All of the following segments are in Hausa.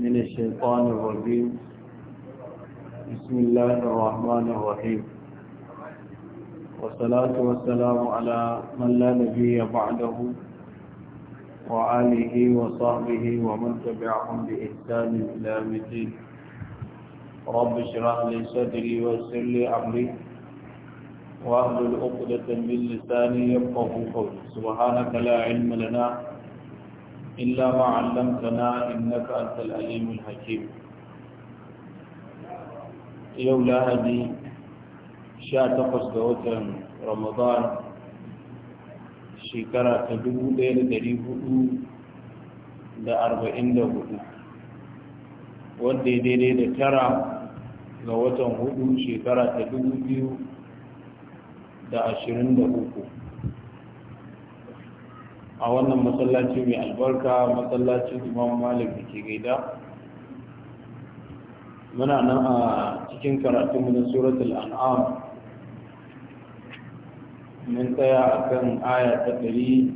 من الشيطان الرجيم بسم الله الرحمن الرحيم والصلاة والسلام على من لا نبي بعده وآله وصحبه ومن تبعهم بإحسان إلى مدين رب اشرح لي صدري ويسر لي أمري وأهل الأقدة من لساني يفقه قولي سبحانك لا علم لنا إلا ما علمتنا إنك أنت الأليم الحكيم يولا هدي شاء تقص دوتا رمضان شكرا تدبو ليلة دريبو da arba'in da hudu wadda ya daidai da tara ga watan huɗu shekara ta dubu biyu da ashirin da uku a wannan masallaci mai albarka masallacin imam malik da ke gaida muna nan a cikin karatunmu na suratul an'am mun tsaya a kan aya ta ɗari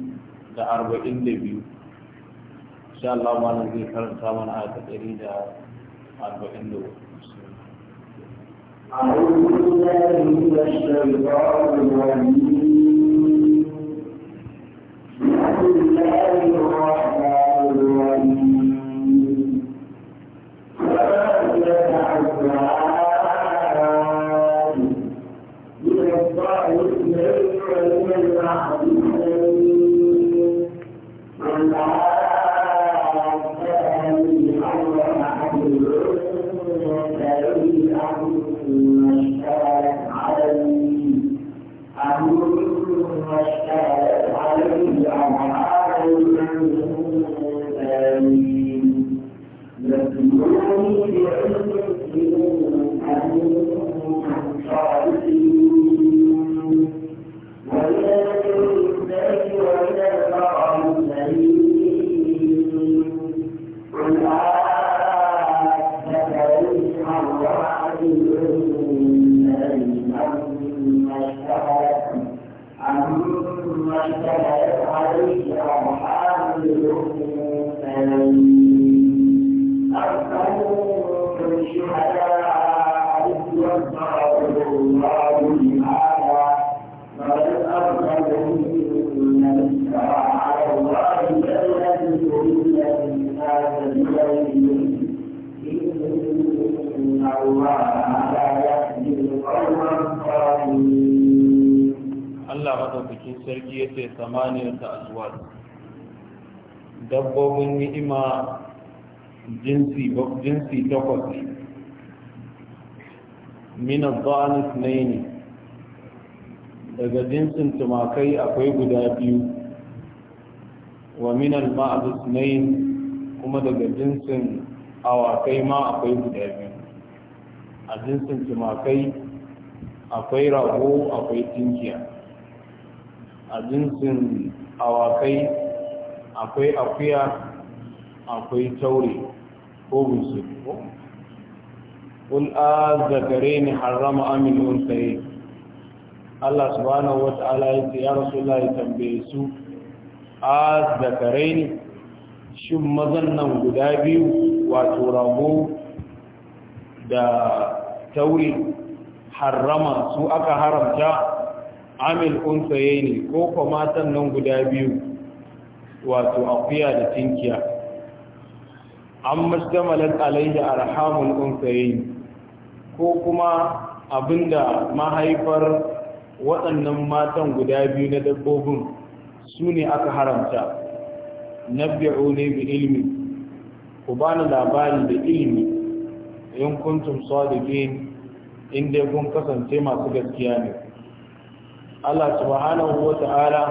da arba'in da biyu insha Allah malam zai karanta mana aya ta ɗari da arba'in da uku أعوذ بالله من الشيطان الرجيم Allah madaukakin sarki ya ce samaniyar ta azuwar dabbobin ni'ima jinsi jinsi takwas min adh-dhanis ne daga jinsin tumakai akwai guda biyu wa min al-ma'dus nayn kuma daga jinsin awakai ma akwai guda biyu a jinsin tumakai akwai rago akwai tinkiya a jinsin awakai akwai akuya akwai taure ko bunsuru ko قل أذكرين حرم أم الأنثيين الله سبحانه وتعالى يا tambaye su a zakare ni? shin mazan nan guda biyu wato rago da tauri harama su aka haramta amil unsaye ne ko kuma matan nan guda biyu wato akuya da tinkiya an mastamalar alayya arhamun unsaye ko kuma abinda mahaifar waɗannan matan guda biyu na dabbobin su ne aka haramta nabbi'uni bi ilmi ku bani labari da ilmi in kuntum sadiqin in dai kun kasance masu gaskiya ne Allah subhanahu wa ta'ala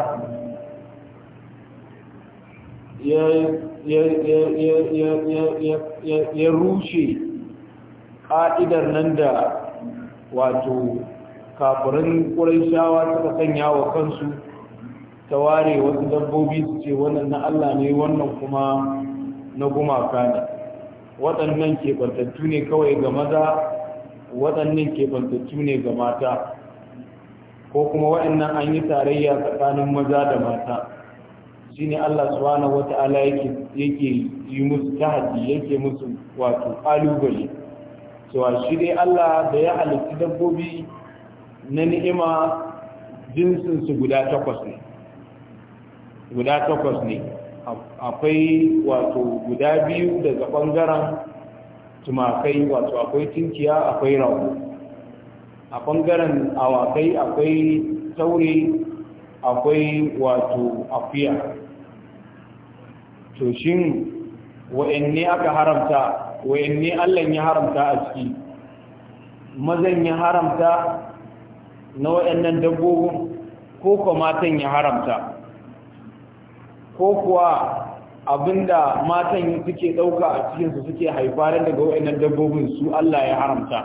ya rushe ƙa'idar nan da wato kafirin ƙurai shawa suka sanya wa kansu ta ware wasu dabbobi su ce wannan na Allah ne wannan kuma na gumaka ne waɗannan keɓantattu ne kawai ga maza waɗannan keɓantattu ne ga mata ko kuma waɗannan an yi tarayya tsakanin maza da mata shi ne Allah subhanahu wata'ala yake yi musu tahaddi yake musu wato ƙalubale cewa shi dai Allah da ya halitta dabbobi na ni'ima jinsinsu guda takwas ne guda takwas ne akwai wato guda biyu daga ɓangaren tumakai wato akwai tinkiya akwai rago a ɓangaren awakai akwai taure akwai wato afiya to shin wa'anne aka haramta wa'anne allon ya haramta a ciki mazan ya haramta na wa'annan dabbobin ko kuma matan ya haramta ko kuwa abinda matan suke ɗauka a cikinsu suke haifarin daga wa'inan dabbobin su Allah ya haramta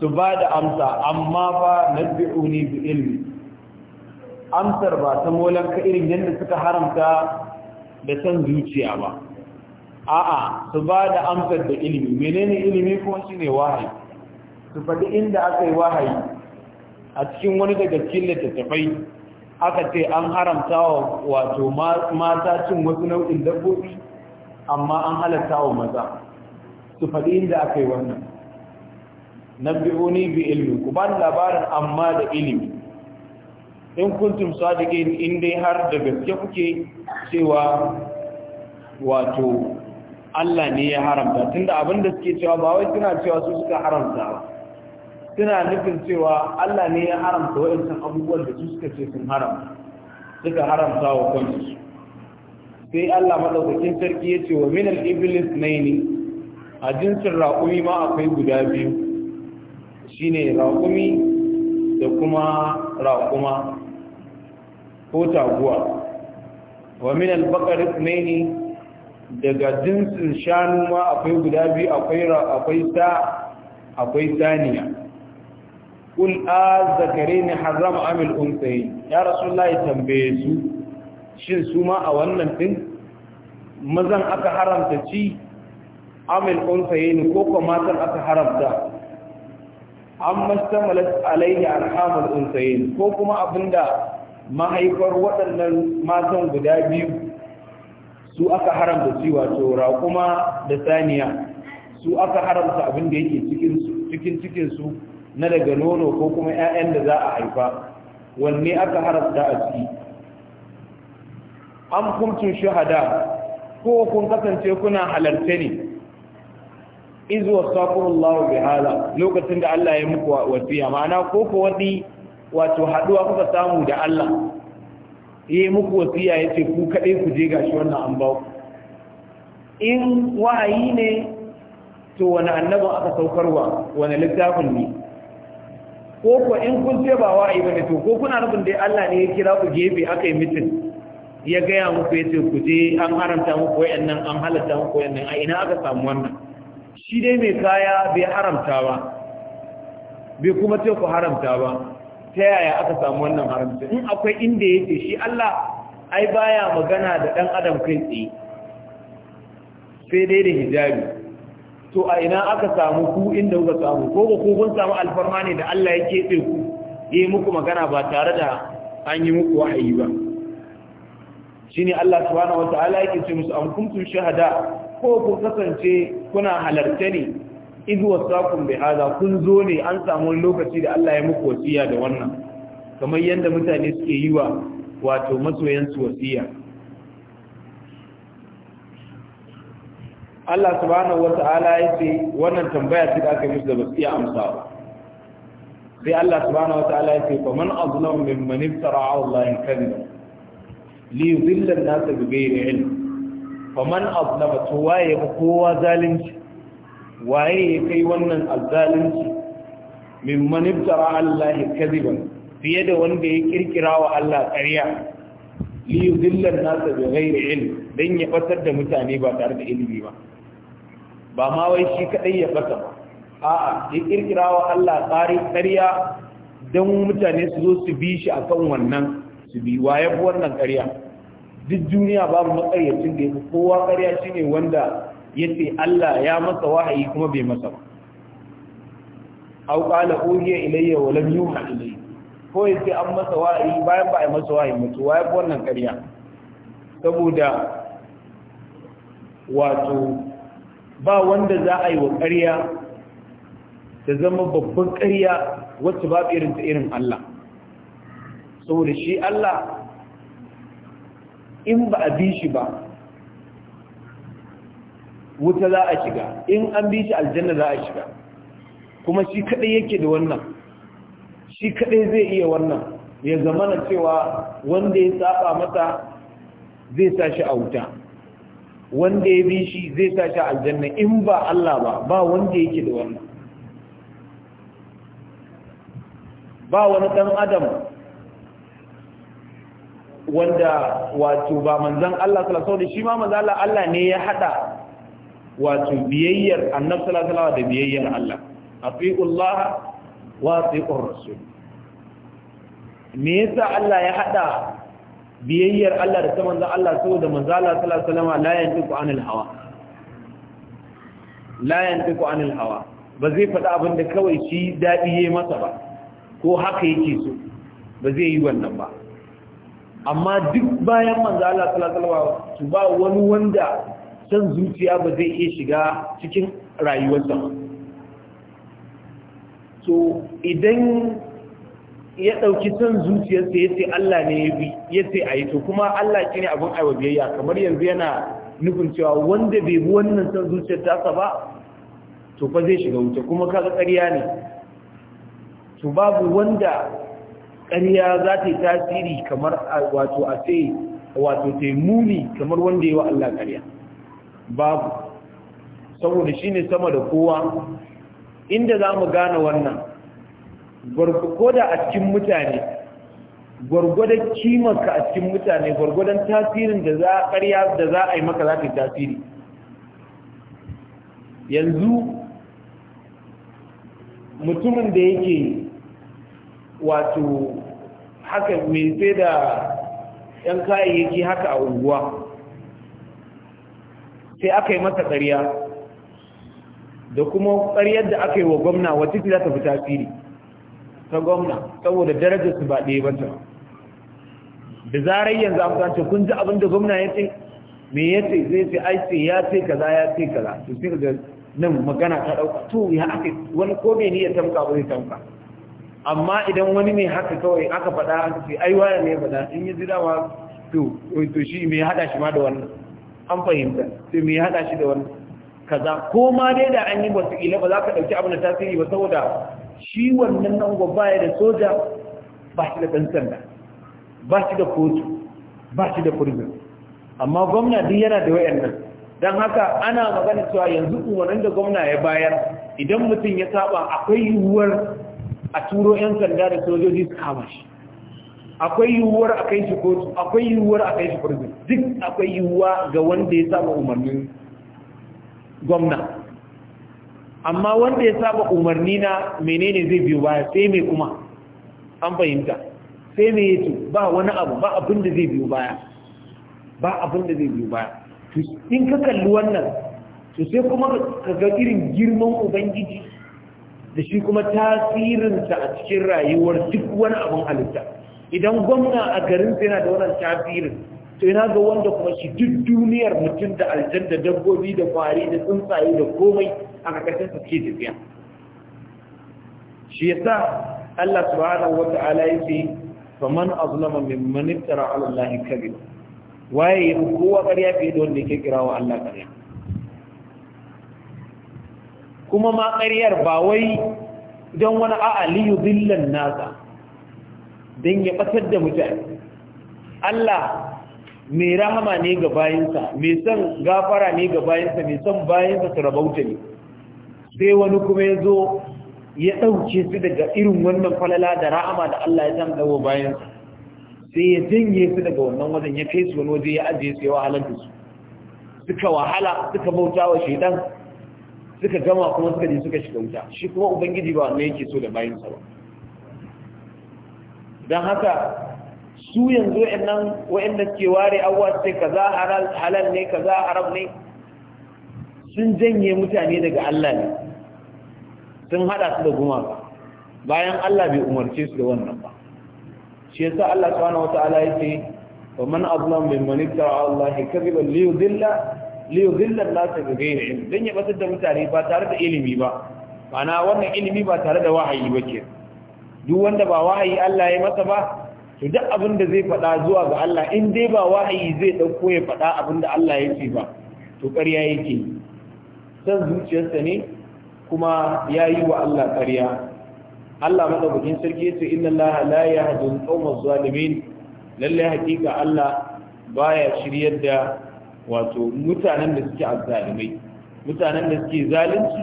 su ba da amsa amma ba na bi'uni bi ilmi amsar ba ta ka irin yadda suka haramta da san zuciya ba a'a su ba da amsar da ilimi menene ilimi kuma ne wahayi su faɗi inda aka yi wahayi a cikin wani daga cikin littattafai aka ce an haramta wa wato mata cin wasu nau'in dabbobi amma an halatta wa maza su faɗi inda aka yi wannan Na ni bi ilmi ku ba labarin amma da ilimi in kuntum sadiqin in dai har da gaske kuke cewa wato Allah ne ya haramta tunda abinda suke cewa ba wai suna cewa su suka haramta ba suna nufin cewa Allah ne ya haramta waɗancan abubuwan da su suka ce sun haram suka haramta wa kwanci sai Allah maɗaukakin sarki ya ce wa min al-iblis naini a jinsin raƙumi ma akwai guda biyu shine raƙumi da kuma raƙuma ko taguwa wa minan bakarit baqari naini daga jinsin shanu ma akwai guda biyu akwai akwai sa akwai saniya kul a zakare ne harama amil unsayi ya rasulullahi tambaye su shin su ma a wannan din mazan aka haramta ci amil unsayi ne ko kuma matan aka haramta an mastamalat alaihi arhamul unsayi ko kuma abinda mahaifar waɗannan matan guda biyu su aka haramta ci wato raƙuma da saniya su aka haramta abinda da yake cikin cikin su na daga nono ko kuma 'ya'yan da za a haifa wanne aka harafta a ciki an kumcin shahada ko kun kasance kuna halarce ne izuwa sakunullahu bi hala lokacin da Allah ya muku wasiya ma'ana ko ko wani wato haduwa kuka samu da Allah yayi muku wasiya ce ku kaɗai ku je gashi wannan an ba in wahayi ne to wani annaba aka saukarwa wani littafin ne ko ko in kun ce ba wahayi bane to ko kuna nufin dai Allah ne ya kira ku gefe aka yi mitin ya gaya muku ya ce ku je an haramta muku wayannan an halatta muku wayannan a ina aka samu wannan shi dai mai kaya bai haramta ba bai kuma ce ku haramta ba ta yaya aka samu wannan haramta in akwai inda yake shi Allah ai baya magana da dan adam kai tsaye sai dai da hijabi to a ina aka samu ku inda kuka samu ko ku kun samu alfarma ne da Allah ya kebe ku yi muku magana ba tare da an yi muku wahayi ba shine Allah subhanahu wataala yake ce musu am kuntum shahada ko ku kasance kuna halarta ne idh wasaqum bi hada kun zo ne an samu lokaci da Allah ya muku wasiya da wannan kamar yadda mutane suke yi wa wato masoyansu wasiya Allah subhanahu wata'ala ya ce wannan tambaya ce da aka yi da basu iya amsa ba sai Allah subhanahu wata'ala ya ce faman azlamu mimman iftara ala Allah kadhiba li yudilla an-nas bi ghayri ilm faman azlama to waye ba kowa zalunci waye ya kai wannan azzalunci mimman iftara ala Allah kadhiba fiye da wanda ya kirkira wa Allah ƙarya li yudilla an-nas bi ghayri ilm dan ya fatar da mutane ba tare da ilimi ba ba ma wai shi kadai ya fata ba a'a ya kirkira wa Allah tsari ƙarya don mutane su zo su bi shi akan wannan su bi wa ya fi wannan ƙarya duk duniya babu matsayacin da ya fi kowa ƙarya shine wanda ya ce Allah ya masa wahayi kuma bai masa ba aw qala ilayya wa lam yuha ilayya ko ya ce an masa wahayi bayan ba a masa wahayi mutu wa ya fi wannan ƙarya saboda wato ba wanda za a yi wa ƙarya ta zama babban ƙarya wacce ba irin ta irin Allah saboda shi Allah in ba a bi shi ba wuta za a shiga in an bi shi aljanna za a shiga kuma shi kaɗai yake da wannan shi kaɗai zai iya wannan ya zama na cewa wanda ya saba mata zai sa shi a wuta wanda ya bi shi zai sa shi aljanna in ba Allah ba ba wanda yake da wannan ba wani dan adam wanda wato ba manzan Allah sallallahu alaihi shi ma manzan Allah Allah ne ya hada wato biyayyar annabi sallallahu alaihi wasallam da biyayyar Allah atiullah wa atiur rasul me yasa Allah ya hada biyayyar Allah da ta manzan Allah saboda manzan Allah sallallahu alaihi wasallam la yantiqu anil hawa la yantiqu anil hawa ba zai faɗa abin da kawai shi daɗi yayi masa ba ko haka yake so ba zai yi wannan ba amma duk bayan manzan Allah sallallahu alaihi su ba wani wanda san zuciya ba zai iya shiga cikin rayuwarsa so idan ya ɗauki son zuciyarsa ya ce Allah ne ya bi ya ce a yi to kuma Allah shi ne abin aiwa biyayya kamar yanzu yana nufin cewa wanda bai bi wannan son zuciyar tasa ba to fa zai shiga wuta kuma kaga ƙarya ne to babu wanda ƙarya za ta yi tasiri kamar wato a ce wato ta yi muni kamar wanda ya wa Allah ƙarya babu saboda shi ne sama da kowa inda za mu gane wannan gwargwada a cikin mutane gwargwadon kimarka a cikin mutane gwargwadon tasirin da za a ƙarya da za a yi maka za ta yi tasiri yanzu mutumin da yake wato haka mai sai da 'yan kayayyaki haka a unguwa sai aka yi masa ƙarya da kuma ƙaryar da aka yi wa gwamna fi za ta fi tasiri ta gwamna saboda darajar su ba ɗaya ba ta da zarar yanzu an kwanci kun ji abin da gwamna ya ce me ya ce zai ce ai ce ya ce kaza ya ce kaza to sai ga nan magana ta dauka to ya ake wani ko ni niyyar tamka ba zai tamka amma idan wani mai haka kawai aka faɗa aka ce ai waya ne faɗa in yi jirawa to to shi me ya hada shi ma da wannan an fahimta to me ya hada shi da wannan kaza ko ma dai da an yi wasu ila ba za ka dauki abin da tasiri ba saboda shi wannan nan gwabba ya da soja ba shi da ɗan sanda ba shi da kotu ba shi da prison amma gwamna duk yana da wayannan don haka ana magana cewa yanzu umarnin da gwamna ya bayar idan mutum ya saba akwai yiwuwar a turo 'yan sanda da sojoji su kama shi akwai yiwuwar a kai shi kotu akwai yiwuwar a kai shi prison duk akwai yiwuwa ga wanda ya saba umarnin gwamna amma wanda ya saba umarni na menene zai biyo baya sai mai kuma an fahimta sai mai yato ba wani abu ba abin da zai biyo baya ba abin da zai biyo baya in ka kalli wannan to sai kuma ka ga irin girman ubangiji da shi kuma tasirinsa a cikin rayuwar duk wani abin halitta idan gwamna a garinsa yana da wannan tasirin Sai na ga wanda kuma shi duk duniyar mutum da aljan da dabbobi da kwari da tsuntsaye da komai a ƙarƙashin su ke tafiya shi yasa Allah subhanahu ta'ala ya ce faman azlama mimman iftara ala Allah kadhiba waye ya kowa ƙarya fiye da wanda yake kira wa Allah ƙarya kuma ma ƙaryar ba wai don wani a'a a'aliyu billan nasa Dan ya ɓatar da mutane Allah mai rahama ne ga bayansa mai son gafara ne ga bayansa mai son bayansa su rabauta ne sai wani kuma ya zo ya ɗauke su daga irin wannan falala da rahama da Allah ya san ɗauwa bayansa sai ya janye su daga wannan wajen ya kai su wani waje ya ajiye su ya wahalar da su suka wahala suka bauta wa shaidan suka gama kuma suka je suka shiga wuta shi kuma ubangiji ba wannan yake so da bayansa ba don haka su yanzu wa'annan wa'inda ke ware abuwa ka za halal ne ka za haram ne sun janye mutane daga Allah ne sun hada su da gumaka bayan Allah bai umarce su da wannan ba shi yasa Allah subhanahu wataala yace wa man azlam mimman iftara Allah kadhiban li yudilla li yudilla Allah bi ghairi ilm dan yaba da mutane ba tare da ilimi ba ma'ana wannan ilimi ba tare da wahayi ba ke duk wanda ba wahayi Allah ya masa ba to duk abin da zai faɗa zuwa ga Allah in dai ba wahayi zai ɗauko ya faɗa abin da Allah ya ce ba to ƙarya yake san zuciyarsa ne kuma ya yi wa Allah ƙarya Allah madaukakin sarki yace inna Allah la yahdi al-qawma zalimin Lallai haƙiƙa Allah baya shiryar da wato mutanen da suke azzalimai mutanen da suke zalunci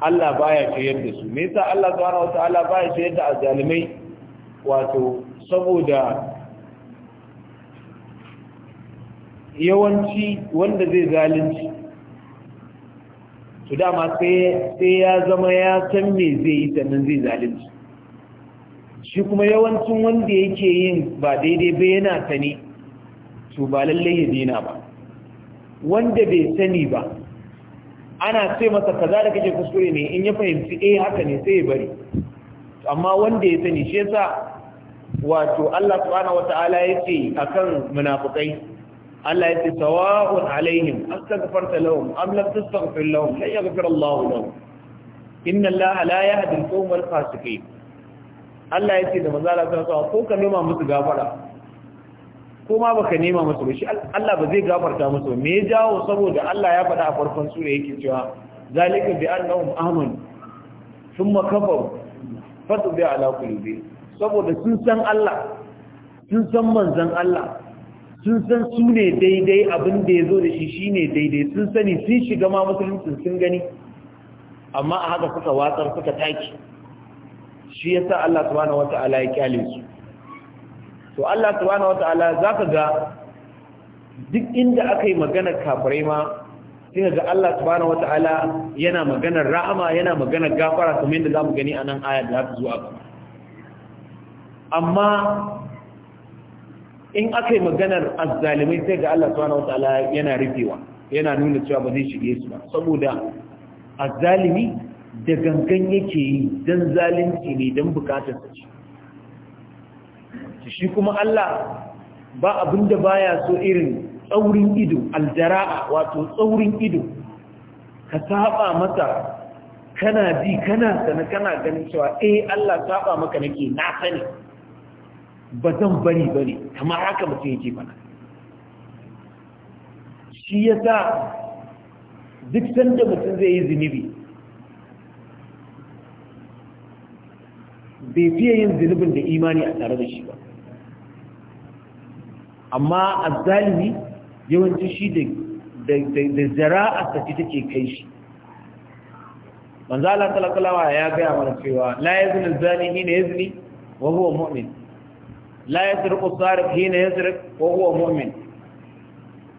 Allah baya shiryar da su me yasa Allah subhanahu wataala baya shiryar da azzalimai wato saboda yawanci wanda zai zalunci su dama sai ya zama ya san me zai yi sannan zai zalunci shi kuma yawancin wanda yake yin ba daidai ba yana sani to ba lallai ya dina ba wanda bai sani ba ana ce masa kaza da kake kuskure ne in ya fahimci eh haka ne sai ya bari amma wanda ya sani shi yasa wato Allah subhanahu wata'ala yace akan munafikai Allah yace sawa'un alaihim astaghfarta lahum am lam tastaghfir lahum la yaghfir Allah lahum inna Allah la yahdi al-qawm al-fasiqin Allah yace da manzo Allah sallallahu ko ka nema musu gafara ko ma baka nema musu ba shi Allah ba zai gafarta musu ba? me ya jawo saboda Allah ya faɗa a farkon sura yake cewa zalika bi annahum amanu thumma kafaru fatu bi ala qulubihim saboda sun san Allah sun san manzan Allah sun san su ne daidai abin da ya zo da shi shi ne daidai sun sani sun shiga ma musulunci sun gani amma a haka suka watsar suka taki shi ya sa Allah subhanahu wa ta'ala ya kyale su to Allah subhanahu wa ta'ala za ka ga duk inda aka yi maganar kafirai ma sai ga Allah subhanahu wa ta'ala yana maganar ra'ama yana maganar gafara kamar yadda za mu gani a nan ayar da za ta zo a gaba amma in aka yi maganar azzalimai sai ga Allah subhanahu wataala yana rufewa yana nuna cewa ba zai shige su ba saboda azzalimi da gangan yake yi dan zalunci ne dan bukatar sa ce shi kuma Allah ba abinda baya so irin tsaurin ido aljara'a wato tsaurin ido ka saba masa kana ji kana sana kana ganin cewa eh Allah saba maka nake na sani ba zan bari bari kamar haka mutum yake fana shi ya sa duk sanda mutum zai yi zunubi bai fiye yin zunubin da imani a tare da shi ba amma a zalimi yawanci shi da a tafi take kai shi manzala talakalawa ya gaya mana cewa la yanzu na zani ne ya zini wa huwa mu'min la yasriqu sarif hina yasriq ko huwa mu'min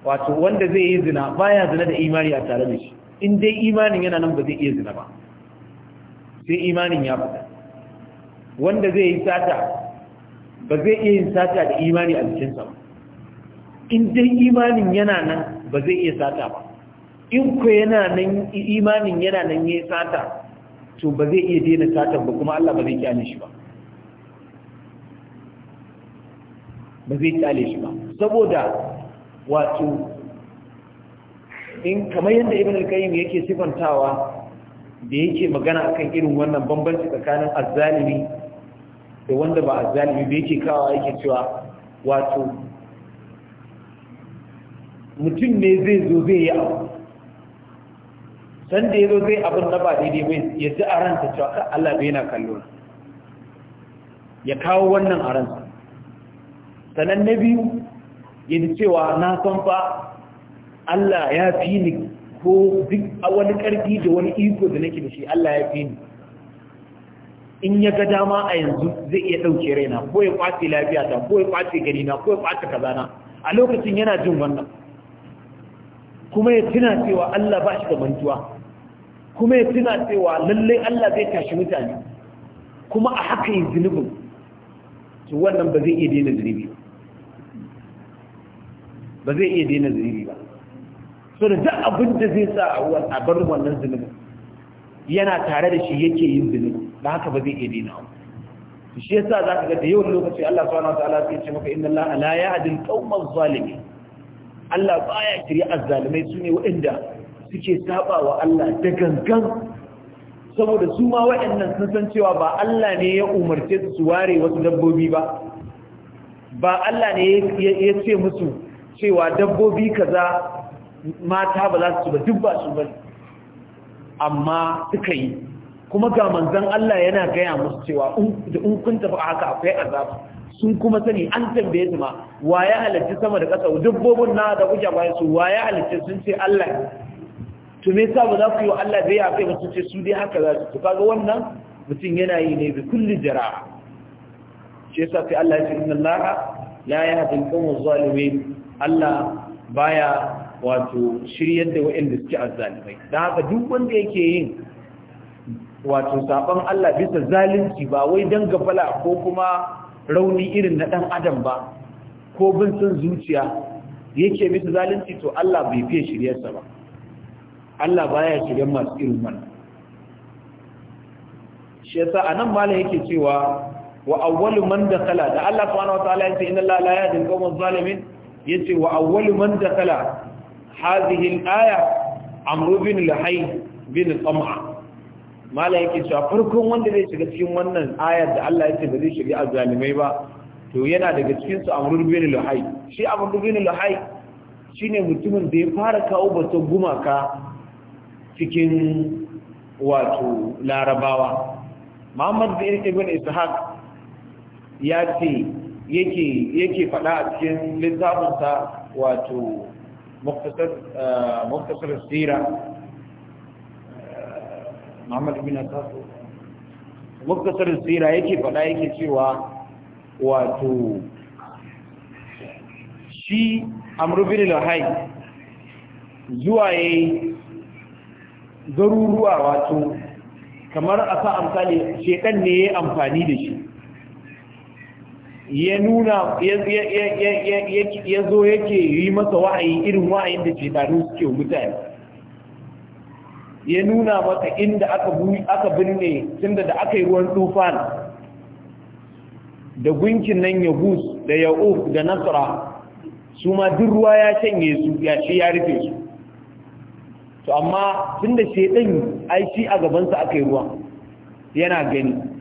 wato wanda zai yi zina baya zina da imani a tare da shi in dai imanin yana nan ba zai iya zina ba sai imanin ya fita wanda zai yi sata ba zai iya yin sata da imani a jikinsa ba in dai imanin yana nan ba zai iya sata ba in ku yana nan imanin yana nan ya sata to ba zai iya daina sata ba kuma Allah ba zai kyale shi ba ba zai kyale shi ba saboda wato in kamar yadda ibn al-qayyim yake sifantawa da yake magana akan irin wannan bambanci tsakanin azzalimi da wanda ba azzalimi ba yake kawo yake cewa wato mutum ne zai zo zai yi abu sanda ya zo zai abin na ba daidai bai ya ji a ranta cewa ka Allah bai yana kallo ya kawo wannan a ransa sanan na biyu yin cewa na san fa Allah ya fi ni ko duk wani ƙarfi da wani iko da nake da shi Allah ya fi ni in ya ga dama a yanzu zai iya ɗauke raina ko ya kwace ta, ko ya kwace ganina ko ya kwace kazana a lokacin yana jin wannan kuma ya tuna cewa Allah ba shi da mantuwa kuma ya tuna cewa lallai Allah zai tashi mutane kuma a haka yin zunubin to wannan ba zai iya daina zunubi ba ba zai iya daina zunubi ba so da duk abin da zai sa a bar wannan zunubin yana tare da shi yake yin zunubi da haka ba zai iya daina ba shi yasa za ka ga da yawan lokaci Allah subhanahu wa ta'ala sai ya ce maka inna Allah la ya'dil qaumal zalimin Allah baya shirya azzalimai sune waɗanda suke saba wa Allah da gangan saboda su ma waɗannan sun san cewa ba Allah ne ya umarce su ware wasu dabbobi ba ba Allah ne ya ce musu cewa dabbobi kaza mata ba za su ba duk ba su ba amma suka yi kuma ga manzan Allah yana gaya musu cewa in kun tafi haka akwai azabu sun kuma sani an tambaye su ma wa ya halarci sama da ƙasa dabbobin na da kuke ba su wa ya halarci sun ce Allah to me yasa ba za ku yi wa Allah bai yafe mutum ce su dai haka za su kaga wannan mutum yana yi ne bi kulli jara shi yasa sai Allah ya ce inna Allah la yahdi al-qawm adh-dhalimin Allah baya wato shiryar da waɗanda suke azzalimai da haka duk wanda yake yin wato saban Allah bisa zalunci ba wai dan gafala ko kuma rauni irin na dan adam ba ko bin sun zuciya yake bisa zalunci to Allah bai fiye shiryarsa ba Allah baya shiryar masu irin wannan shi yasa nan malam yake cewa wa awwalu man dakala da Allah subhanahu ta'ala yace inna la yahdi al-qawma adh-dhalimin yace wa awwalu man dakala hadhihi al-aya amru bin lahay bin qam'a mala yake cewa farkon wanda zai shiga cikin wannan ayar da Allah yake ba zai shiga azalimai ba to yana daga cikin su amru bin lahay shi amru bin lahay shine mutumin da ya fara kawo batun gumaka cikin wato larabawa Muhammad bin Ibn Ishaq ya ce yake yake faɗa a cikin littafinsa wato muktasar eh, sira eh, muhammad bin asasu muktasar sira yake faɗa yake cewa wato shi amrubin lahai zuwa ya garuruwa wato kamar a sa amsali shekan ne ya amfani da shi ya nuna ya zo yake yi masa wa'ayi irin wa'ayin da shekaru suke mutane ya nuna masa inda aka birne tunda da aka yi ruwan tufan da gunkin nan ya bus da ya'uf da nasara su ma duk ruwa ya shanye su ya ce ya rufe su to amma tunda shedan aiki aiki a gabansa aka yi ruwa yana gani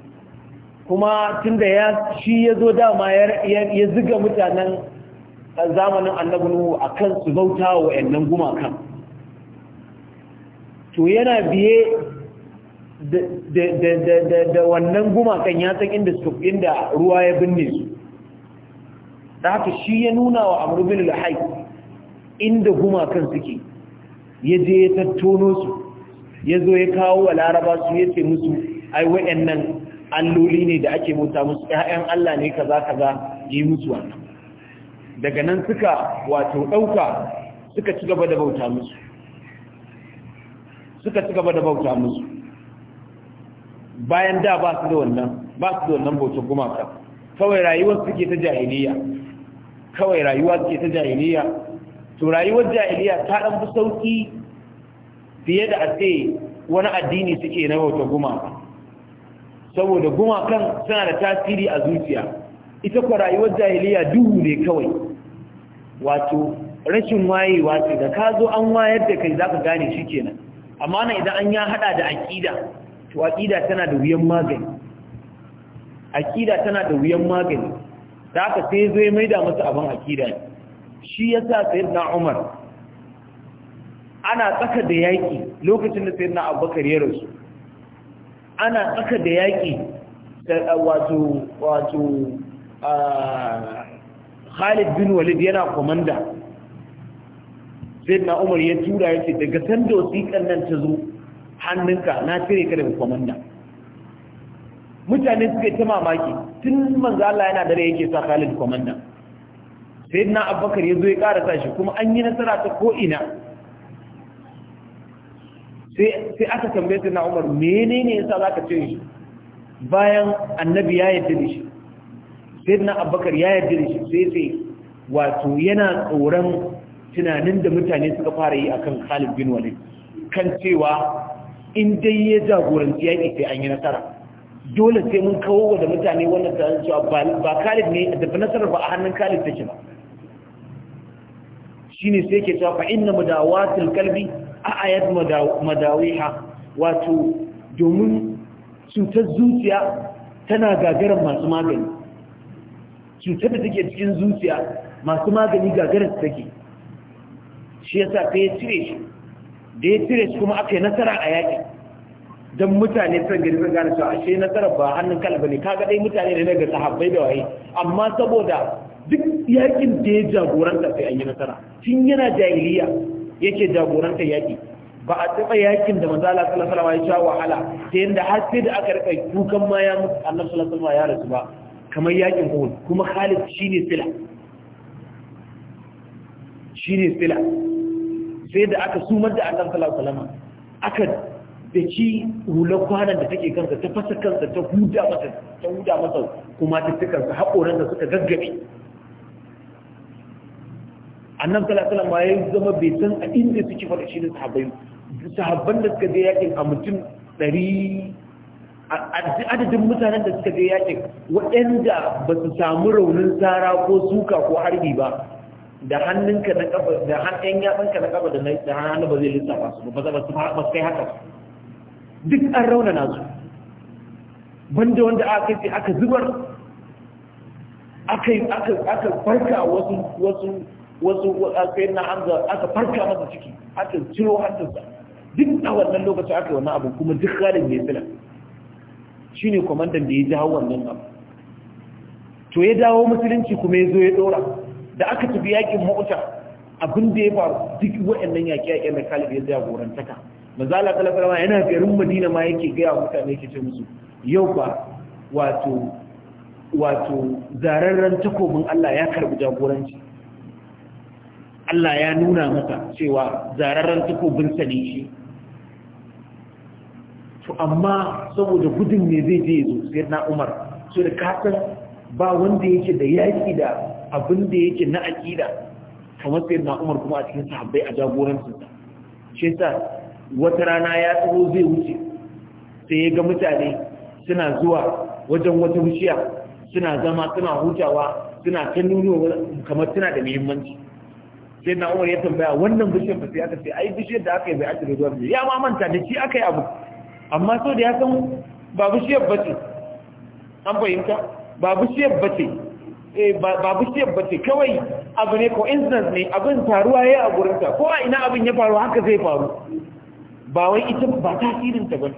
kuma tunda ya shi ya zo dama ya ziga mutanen zamanin annabinu nuhu a kan su bauta wa yannan gumakan to yana biye da wannan gumakan ya san inda su inda ruwa ya binne su da haka shi ya nuna wa amurbin lahai inda gumakan suke ya je ya tattono su ya zo ya kawo wa laraba su ya ce musu ai 'yannan. alloli ne da ake bauta musu ƴaƴan Allah ne kaza kaza yi musu wannan daga nan suka wato ɗauka suka ci gaba da bauta musu suka ci gaba da bauta musu bayan da ba su da wannan ba su da wannan bautar gumaka kawai rayuwar suke ta jahiliya kawai rayuwa suke ta jahiliya to rayuwar jahiliya ta ɗan fi sauƙi fiye da a ce wani addini suke na bautar gumaka saboda gumakan suna da tasiri a zuciya ita kwa rayuwar jahiliya duhu ne kawai wato rashin wayewa ce da ka zo an wayar da kai za ka gane shi kenan amma na idan an ya hada da aƙida to aƙida tana da wuyan magani aƙida tana da wuyan magani da sai zo mai da masa abin aƙida shi ya sa sayar na umar ana tsaka da yaƙi lokacin da sayar na abubakar ya rasu ana tsaka da yaƙi wato wato Khalid bin Walid yana komanda na Umar ya tura ya ce daga san wasiƙan nan ta zo hannunka na cire ka daga komanda mutane suka yi ta mamaki tun manzo Allah yana dare yake sa Khalid komanda Sayyidina Abubakar ya zo ya ƙara sa shi kuma an yi nasara ta ko'ina. ina sai aka tambaye su na umar menene yasa za ka ce shi bayan annabi ya yadda da shi sai na Abakar ya yadda da shi sai sai wato yana tsoron tunanin da mutane suka fara yi akan khalid bin walid kan cewa in dai ya jagoranci yaƙi sai an yi nasara dole sai mun kawo wa da mutane wannan ta cewa ba khalid ne da nasarar ba a hannun khalid take ba Shi ne sai ke cewa mu da watan kalbi ayat madawiha wato domin cutar zuciya tana gagarar masu magani cutar da take cikin zuciya masu magani gagarar take shi yasa ta ya cire shi da ya cire shi kuma aka yi nasara a yaƙi don mutane sun gani sun gane cewa ashe nasara ba hannun kalba ne kaga dai mutane ne daga sahabbai da waye amma saboda duk yakin da ya jagoranta sai an yi nasara tun yana jahiliya yake jagoranta yaƙi ba a taɓa yakin da manzo Allah sallallahu alaihi wasallam ya sha wahala ta yanda har sai da aka rika kukan ma ya mutu Allah sallallahu alaihi wasallam ya rasu ba kamar yakin Uhud kuma Khalid shine sila shine sila sai da aka sumar da Allah sallallahu alaihi wasallam aka ci hula kwanan da take kansa ta fasa kansa ta huda masa ta huda masa kuma tuttukansa haƙoran da suka gaggabe annan salatunan ma ya zama bai san a inda suke faɗa shi ne sahabbai sahabban da suka je yakin a mutum ɗari adadin mutanen da suka je yakin waɗanda ba su samu raunin tsara ko suka ko harbi ba da hannunka na kafa da hannun yatsanka na kafa da na hannu ba zai lissafa su ba ba su ba kai haka duk an raunana su banda wanda aka kai aka zubar aka aka aka farka wasu wasu wasu sai na hamza aka farka masa ciki aka ciro hantarsa duk a wannan lokacin aka wannan abu kuma duk halin ya fila shi ne kwamandan da ya jawo wannan abu to ya dawo musulunci kuma ya zo ya dora da aka tafi yakin ma'uta abin da ya faru duk wa'annan yaƙi yaƙe na kalib ya jagorantaka mazala ma yana garin madina ma yake gaya mutane ke ce musu yau ba wato wato zararren takobin allah ya karbi jagoranci Allah ya nuna masa cewa zararren bin Sani shi to amma saboda gudun ne zai je zo sai na umar so da kasan ba wanda yake da yaƙi da abin da yake na aƙida kamar sai na umar kuma a cikin sahabbai a sa shi sa wata rana ya tsaro zai wuce sai ya ga mutane suna zuwa wajen wata bishiya suna zama suna hutawa suna ta nuna kamar suna da muhimmanci sai na umar ya tambaya wannan bishiyar ba sai aka fi ai bishiyar da aka yi bai aka da zuwa ya ma manta da shi aka yi abu amma so da ya san ba bishiyar ba ce an fahimta ba bishiyar ba ce eh, ba bishiyar ba ce kawai abu ne coincidence ne abin faruwa ya yi a gurinta ko a ina abin ya faru haka zai faru ba wai ita ba tasirinta ba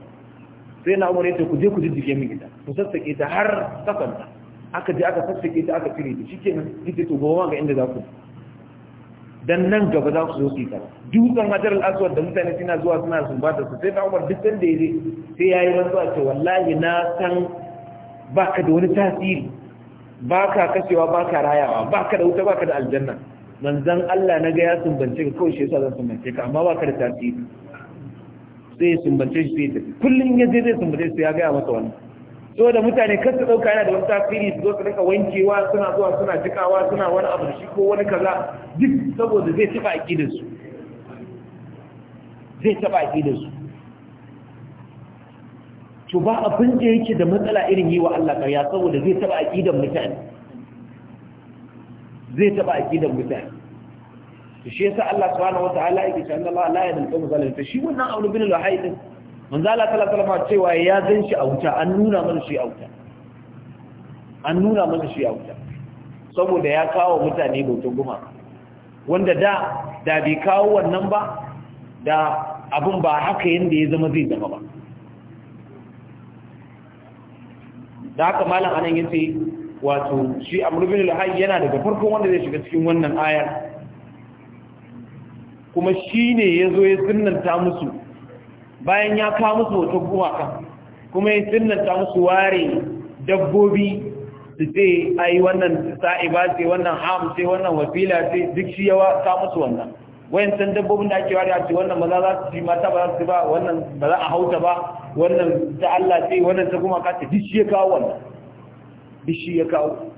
sai na umar ya ce ku je ku jijjige min gida ku sassaƙe ta har kasanta aka je aka sassaƙe ta aka cire ta shi kenan ita to goma ga inda za ku dan nan gaba za su zo su yi kaza dutsen hajar al'aswar da mutane suna zuwa suna sumbata su sai na umar duk sanda ya je sai ya yi rantsuwa ce wallahi na san baka da wani tasiri baka kashewa baka rayawa baka da wuta baka da aljanna manzan Allah na ga ya sumbance ka kawai shi yasa zan sumbance ka amma baka da tasiri sai ya sumbance shi sai ya tafi kullum ya je zai sumbace sai ya gaya masa wannan so da mutane kar su ɗauka yana da wani tasiri su zo su rika wankewa suna zuwa suna jikawa suna wani abu da shi ko wani kaza duk saboda zai taɓa aqidar su zai taɓa aqidar su to ba abin da yake da matsala irin yi wa Allah ƙarya saboda zai taɓa aqidar mutane zai taɓa aqidar mutane to shi yasa Allah subhanahu wataala yake cewa Allah la yadul qawm zalimin shi wannan abu bin al-hayy manzo Allah sallallahu alaihi wasallam cewa ya zan shi a wuta an nuna mana shi a wuta an nuna mana shi a wuta saboda ya kawo mutane bautan guma wanda da da bai kawo wannan ba da abin ba haka yadda ya zama zai zama ba da haka malam anan yace wato shi amrubin al yana daga farkon wanda zai shiga cikin wannan ayar kuma shine yazo ya sunnanta musu bayan ya kawo musu wata gumaka kuma ya sunnanta musu ware dabbobi su ce yi wannan sa'iba ce wannan ham ce wannan wafila ce duk shi yawa ta musu wannan wayan san dabbobin da ake ware a ce wannan maza za su ci mata ba za su ba wannan ba za a hauta ba wannan ta Allah ce wannan ta kuma kata duk shi ya kawo wannan duk shi ya kawo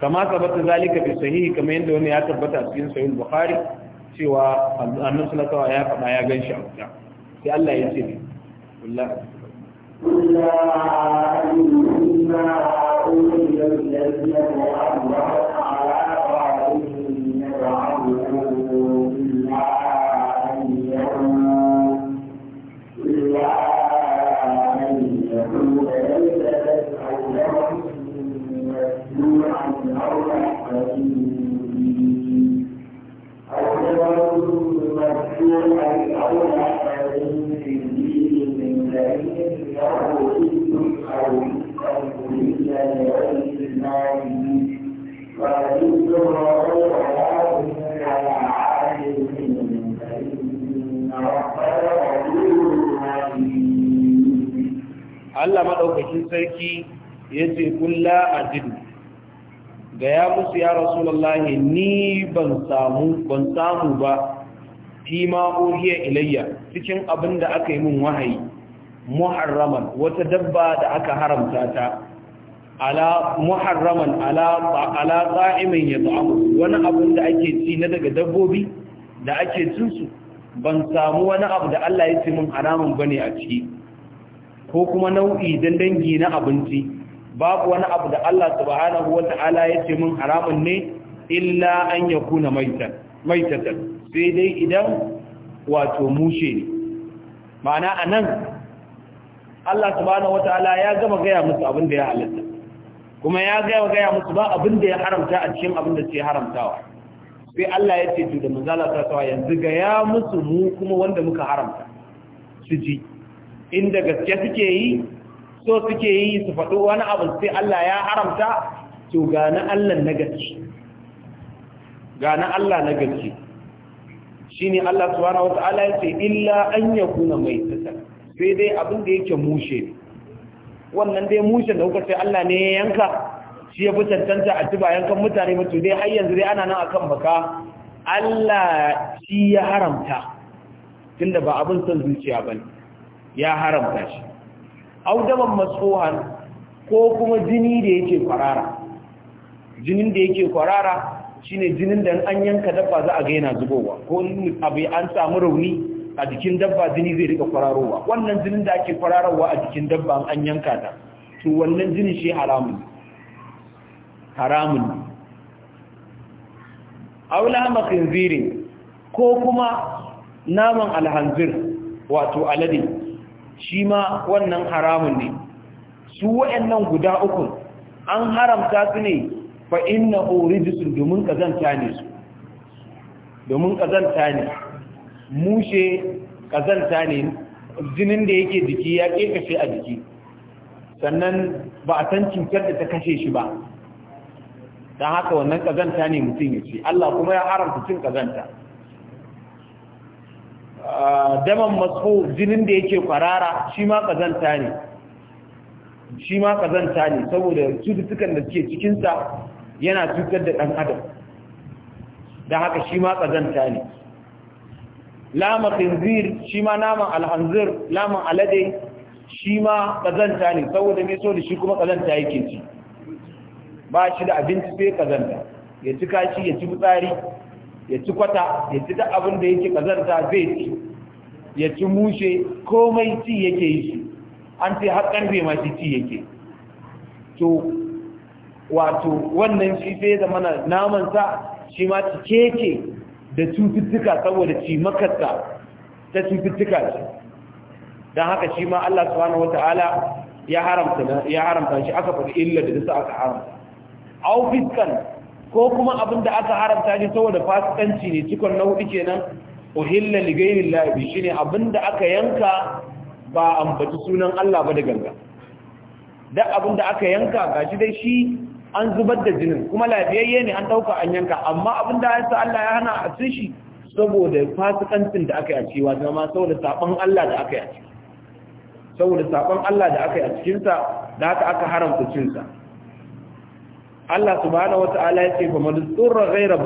kama sabata zalika bi sahihi kamar yadda wani ya tabbata cikin sahih bukhari cewa annan sulatawa ya faɗa ya gan shi a wuta sai Allah ya ce ne wallahi sarki ya ce kulla a jini ga ya musu ya rasulallahi ni ban samu ban samu ba fi ma ilayya cikin abin da aka yi min wahayi muharraman wata dabba da aka haramta ta ala muharraman ala ala qa'imin yat'amu wani abu da ake ci na daga dabbobi da ake cin su ban samu wani abu da Allah ya ce min haramun bane a ciki ko kuma nau'i dan dangi na abinci babu wani abu da Allah subhanahu wata'ala ya ce min haramun ne illa an yakuna maitan maitatan sai dai idan wato mushe ne ma'ana anan Allah subhanahu wata'ala ya gama gaya musu abin da ya halatta kuma ya gaya gaya musu ba abin da ya haramta a cikin abin da ce haramtawa sai Allah ya ce to da manzala ta sawa yanzu gaya musu mu kuma wanda muka haramta su ji inda gaske suke yi so suke yi su faɗo wani abu sai Allah ya haramta to ga na Allah na gaske ga na Allah na gaske shine Allah subhanahu wata'ala ya ce illa an yakuna maitatan sai dai abin da yake mushe wannan dai mushe da kuka sai Allah ne ya yanka shi ya fi a tuba yankan mutane mutu dai har yanzu dai ana nan akan baka Allah shi ya haramta tunda ba abin son zuciya bane ya haramta shi audaman matsohan ko kuma jini da yake kwarara jinin da yake kwarara shine jinin da an yanka dabba za a ga yana zubowa ko abu an samu rauni a jikin dabba jini zai rika kwararowa wannan jinin da ake kwararowa a jikin dabba an yanka ta to wannan jinin shi haramun haramun aula khinzirin ko kuma naman alhanzir wato alade shi ma wannan haramun ne su wa'annan guda uku an haramta su ne fa inna orijisun domin kazanta ne su domin kazanta ne mushe kazanta ne jinin da yake jiki ya kekashe a jiki sannan ba a san cutar da ta kashe shi ba don haka wannan kazanta ne mutum ya ce Allah kuma ya haramta cin kazanta daman masu jinin da yake kwarara shi ma kazanta ne shi ma kazanta ne saboda cututtukan da suke cikinsa yana cutar da ɗan adam da haka shi ma kazanta ne lama khinzir shi ma naman alhanzir naman alade shi ma kazanta ne saboda mai so da shi kuma kazanta yake ci ba shi da abinci sai kazanta ya ci kashi ya ci fitsari ya ci kwata ya ci duk abin da yake kazanta zai ci ya ci mushe komai ci yake yi shi an ce har karfe ma shi ci yake to wato wannan shi sai da mana naman sa shi ma cike yake da cututtuka saboda ci makarsa ta cututtuka shi don haka shi ma Allah subhanahu ya haramta ya haramta shi aka faɗi illa da su aka haramta au fiskan ko kuma abin da aka haramta shi saboda fasikanci ne cikon na hudu kenan uhilla li ghayril lahi shine abinda aka yanka ba ambaci sunan Allah ba da ganga da abinda aka yanka gashi dai shi an zubar da jinin kuma lafiyayye ne an dauka an yanka amma abinda ya sa Allah ya hana a cin shi saboda fasikancin da aka yi a cewa zama saboda sabon Allah da aka yi a cikin, saboda sabon Allah da aka yi a cikin sa da haka aka haramta sa, Allah subhanahu wata'ala ya ce fa man ghayra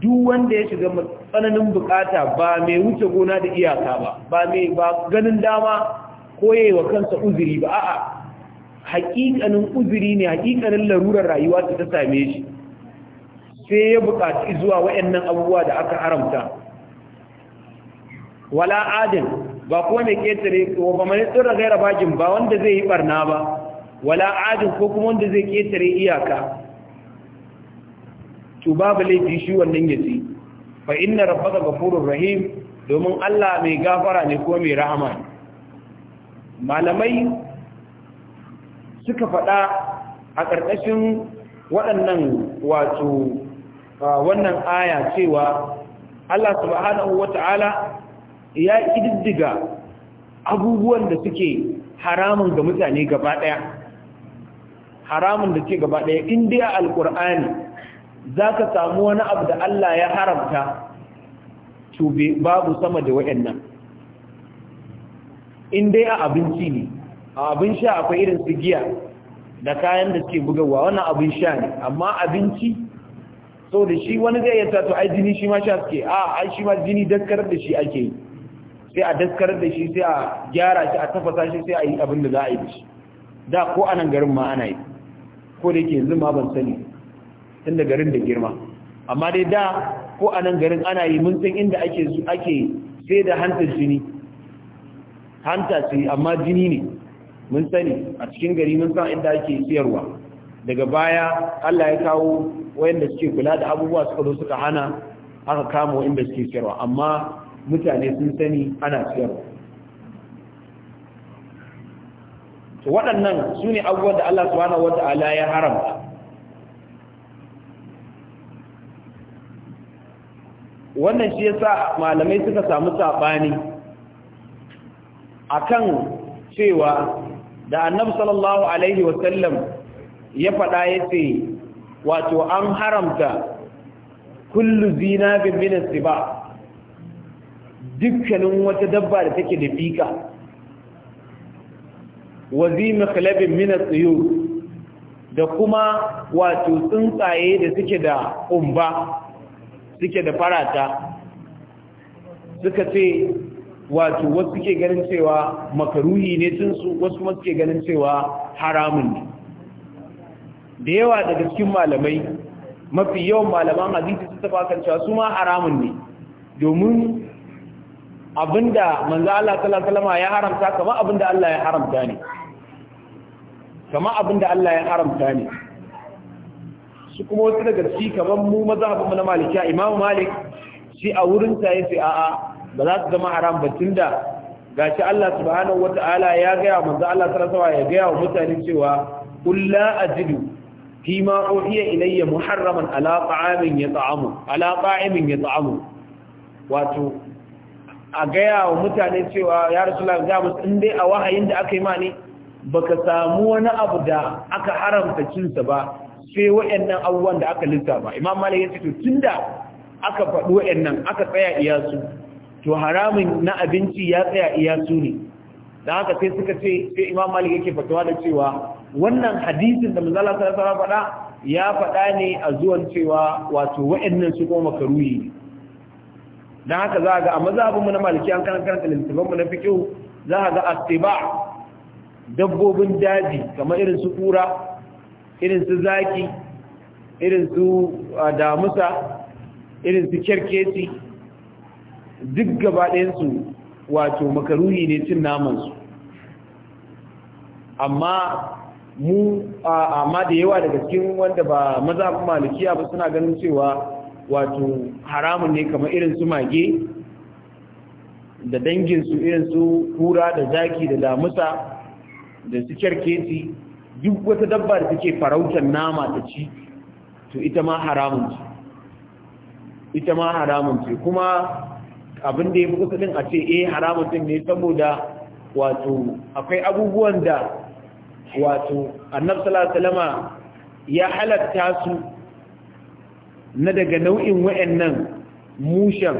duk wanda ya shiga matsananin bukata ba mai wuce gona da iyaka ba ba mai ba ganin dama koye wa kansa uzuri ba a'a hakikanin uzuri ne hakikanin larurar rayuwa ta ta same shi sai ya bukaci zuwa waɗannan abubuwa da aka haramta wala adin ba kuma mai ketare ko ba mai tsira gaira bajin ba wanda zai yi barna ba wala adin ko kuma wanda zai ketare iyaka to babu laifi shi wannan ya ce fa inna rabbaka ghafurur rahim domin Allah mai gafara ne ko mai rahama malamai suka faɗa a ƙarƙashin waɗannan wato wannan aya cewa Allah subhanahu wata'ala ya ƙididdiga abubuwan da suke haramun ga mutane gaba ɗaya haramun da ke gaba ɗaya indiya alƙur'ani za ka samu wani abu da Allah ya haramta to babu sama da waɗannan in dai a abinci ne a abin sha akwai irin su giya da kayan da suke bugawa wannan abin sha ne amma abinci so da shi wani zai yasa to ai jini shi ma sha suke a ai shi ma jini daskarar da shi ake yi sai a daskarar da shi sai a gyara shi a tafasa shi sai a yi abin da za a yi da shi da ko anan garin ma ana yi ko da yake yanzu ma ban sani tun garin da girma amma dai da ko a nan garin ana yi mun san inda ake ake sai da hantar jini hanta ce amma jini ne mun sani a cikin gari mun san inda ake siyarwa daga baya Allah ya kawo wayanda suke kula da abubuwa suka zo suka hana aka kama wayanda suke siyarwa amma mutane sun sani ana siyarwa to waɗannan su ne abubuwan da Allah subhanahu wata'ala ya haramta wannan shi yasa malamai suka samu sabani akan cewa da annabi sallallahu alaihi wasallam ya faɗa yace wato an haramta kullu zinabin min as dukkanin wata dabba da take da fika wa zi makhlabin min da kuma wato tsuntsaye da suke da umba suke da farata suka ce wato wasu suke ganin cewa makaruhi ne cinsu wasu kuma suke ganin cewa haramun ne da yawa daga cikin malamai mafi yawan malaman hadisi su taba kan cewa su ma haramun ne domin abinda manzo Allah sallallahu alaihi wasallam ya haramta kama abinda Allah ya haramta ne kama abinda Allah ya haramta ne shi kuma wasu daga ci kamar mu maza mu na maliki a imamu malik shi a wurin ta yace a'a ba za su zama haram ba tunda gashi Allah subhanahu wata'ala ya gaya wa manzo Allah sallallahu alaihi ya gaya wa mutane cewa "Kulla la ajidu fima uhiya ilayya muharraman ala ta'amin yata'amu ala wato a gaya wa mutane cewa ya rasu ga musu in dai a wahayin da aka yi ma ne baka samu wani abu da aka haramta cinsa ba sai waɗannan abubuwan da aka lissafa imam malik ya ce to tunda aka faɗi waɗannan aka tsaya iyasu to haramun na abinci ya tsaya iyasu ne da haka sai suka ce sai imam malik yake fatawa da cewa wannan hadisin da manzala sallallahu alaihi faɗa ya faɗa ne a zuwan cewa wato waɗannan su kuma makaruhi ne dan haka za ga a mazhabin mu na maliki an kan karanta littafin mu na fiqh za ga astiba dabbobin daji kamar irin su kura irin su zaki irin su ah, damusa irin su kyarkeci duk gabaɗayansu wato makaruhi ne cin namansu amma mu amma da yawa daga cikin wanda ba maza malikiya ba suna ganin cewa wato haramun ne kamar irin su mage da danginsu irin su kura da zaki da damusa da su kyarkeci duk wata dabba da take farautar nama ta ci to ita ma haramun ce ita ma haramun ce kuma abin da ya fi kusa din a ce eh haramun din ne saboda wato akwai abubuwan da wato annab salama ya halatta su na daga nau'in wa'annan mushen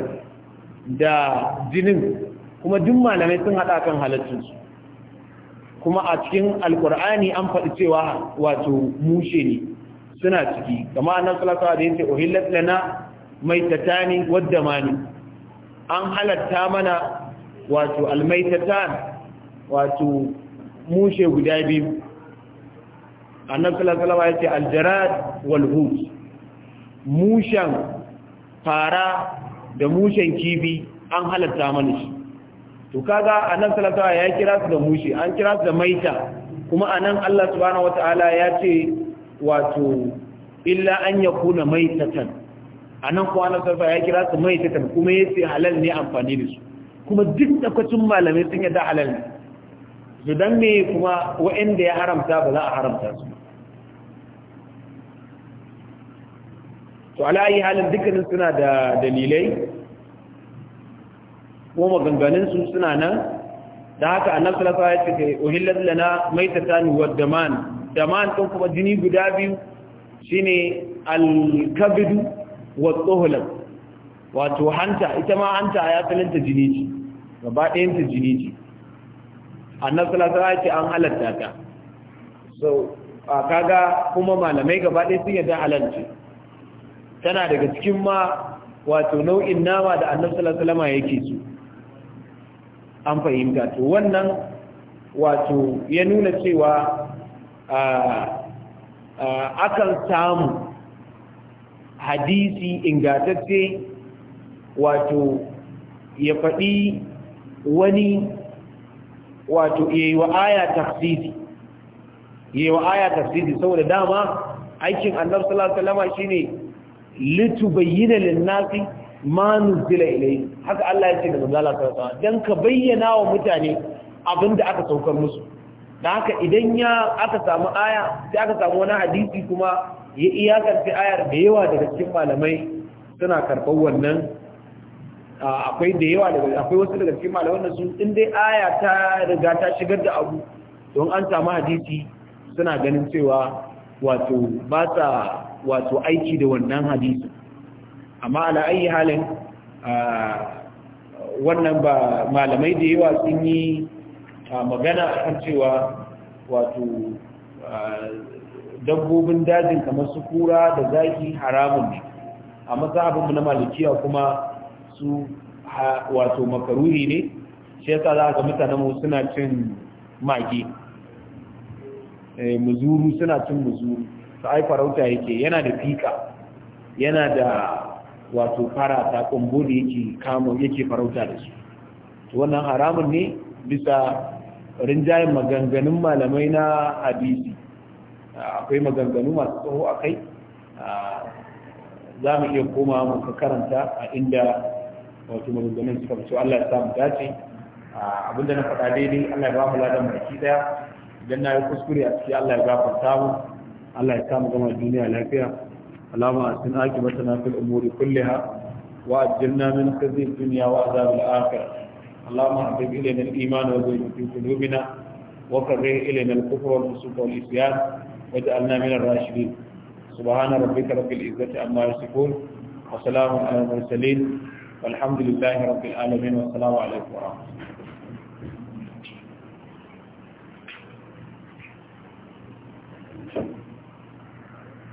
da jinin kuma duk malamai sun haɗa kan halaccinsu kuma a cikin alkur'ani an faɗi cewa wato mushe ne suna ciki kama annan salatawa da yace uhillat lana ma waddamani an halatta mana wato almaitatan wato mushe guda biyu annan salatawa ce aljarad walhut. mushen fara da mushen kibi an halatta mana shi to kaga anan salatawa ya kira su da mushi an kira su da maita kuma anan Allah subhanahu wataala ya ce wato illa an yakuna maitatan anan kuwa anan salatawa ya kira su maitatan kuma yace halal ne amfani da su kuma duk dakwacin malamai sun yadda halal ne su dan me kuma waɗanda ya haramta ba za a haramta su to ala yi halin dukkanin suna da dalilai ko maganganunsu suna nan da haka annabi sallallahu alaihi wasallam ya ce uhillat lana maitatan wa daman daman ɗin kuma jini guda biyu shine al Alkabidu wa tuhlan wato hanta ita ma hanta ya filinta jini ji gaba ɗayan ta jini ji annabi sallallahu alaihi wasallam ya ce an halatta ta so kaga kuma malamai gaba ɗaya sun yadda halarci. tana daga cikin ma wato nau'in nama da annabi sallallahu alaihi wasallam yake su an fahimta to wannan wato ya nuna cewa akan samu hadisi ingatacce wato ya faɗi wani wato ya yi wa aya tafsiri ya yi wa aya tafsiri saboda dama aikin annabi sallallahu alaihi wasallam shine litubayyana lin-nasi ma nuzila ilai haka Allah ya ce da manzala Allah sallallahu don ka bayyana wa mutane abin da aka saukar musu da haka idan ya aka samu aya sai aka samu wani hadisi kuma ya iyakance ayar da yawa daga cikin malamai suna karɓar wannan akwai da yawa daga akwai wasu daga cikin malamai wannan sun in dai aya ta riga ta shigar da abu don an samu hadisi suna ganin cewa wato ba ta wato aiki da wannan hadisi amma ala ayi halin wannan ba malamai da yawa sun yi magana a kan cewa wato dabbobin dajin kamar su kura da zaki haramun ne a abinmu na malikiya kuma su wato makaruri ne shi yasa za ga mutanenmu suna cin mage e, muzuru suna cin muzuru su farauta yake yana da fika yana da wato fara farata kumbuli yake kamo yake farauta da to wannan haramun ne bisa rinjayen maganganun malamai na hadisi akwai maganganu masu tsoho akai, kai za mu iya koma muka karanta a inda wato maganganun suka fito Allah ya samu dace abinda na faɗa daidai Allah ya ba mu ladan baki daya idan na yi kuskure a ciki Allah ya gafarta mu Allah ya samu gama duniya lafiya alama a cikin aki mata na fil umuri kulle ha wa a jinna min kazi duniya wa azab al akhir alama a bi ilin al iman wa zai mutu kulubina wa kare ilin al kufur wal musuq wal isyan wa ja'alna min ar rashidin subhana rabbika rabbil izzati amma yasifun wa salamun ala al mursalin والحمد لله رب العالمين والسلام عليكم